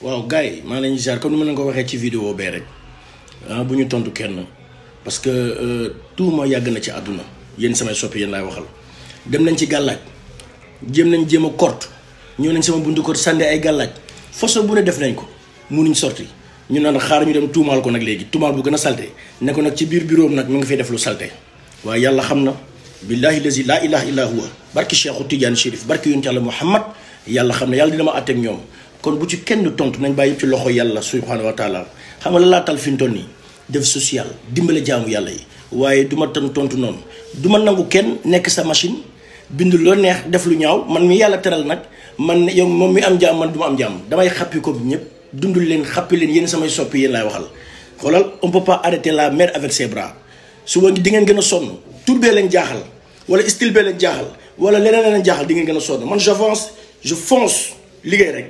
waaw gars yi maa leen ziar comme ni ma leen ko waxee ci vidéo bee rek ah, bu ñu tontu kenn parce que euh, tuuma yàgg na ci àdduna yéen samay sopp yéen laay waxal dem nañ ci gàllaaj jéem nañ jéem a kort ñëw nañ sama buntu kort sànni ay gàllaaj façon bu ne def nañ ko munuñ sorti ñu naan xaar ñu dem tuumaal ko nag léegi tuumaal bu gën a salte ne ko nag ci biir bureau nag mu ngi fee def lu salte waaye yàlla xam na billahi lazi laa ilaha illa huwa barki cheikhu tidiane chérif barki yonent yàlla muhammad yàlla xam ne yàlla dina ma ñoom kon bu ci kenn tontu nañ bàyyi ci loxo yàlla subhanahu wa taala xam nga laatal fi def social dimbale jaamu yàlla yi waaye du ma tontu noonu du ma kenn nekk sa machine bind neex def lu ñaaw man mi yàlla teral nag man yow mi am man du am damay xàppi ko ñëpp dundul leen leen samay waxal on peut pas arrêter la mer avec ses bras suba di ngeen gën a sonn leen jaaxal wala style leen jaaxal wala leneen jaaxal di ngeen gën a man j'avance je fonce liggéey rek